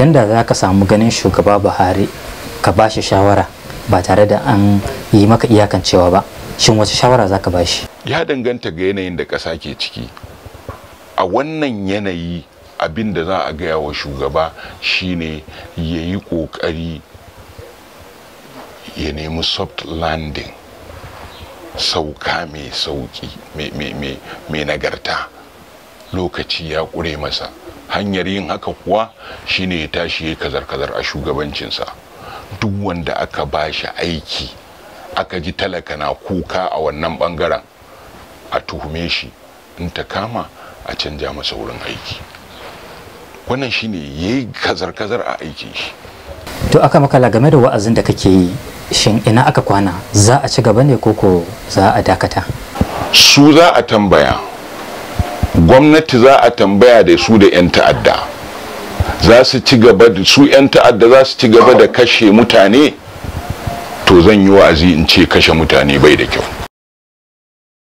idan da za ka samu ganin shugaba buhari ka ba shi shawara ba tare da an yi maka iyakancewa ba shin wace shawara za ka ba shi ya danganta ga yanayin da ƙasa ke ciki a wannan yanayi abin da za a gaya wa shugaba shine ya yi ƙoƙari ya nemi soft landing sauka mai sauki mai nagarta lokaci ya ƙure masa hanyar yin haka kuwa shine ya tashi ya kazar-kazar a shugabancinsa duk wanda aka ba shi aiki aka ji talaka na kuka a wannan bangaren a tuhume shi in ta kama a canja masa wurin aiki wannan shine ya yi kazar-kazar a aikin shi to aka makala game da wa'azin da kake yi shin ina aka kwana za a ci gaba ne koko za a dakata su za a tambaya gwamnati za a tambaya da su da 'yan ta'adda za su ci gaba da su 'yan ta'adda za su ci gaba da kashe mutane to zan yi wa'azi in ce kashe mutane bai da kyau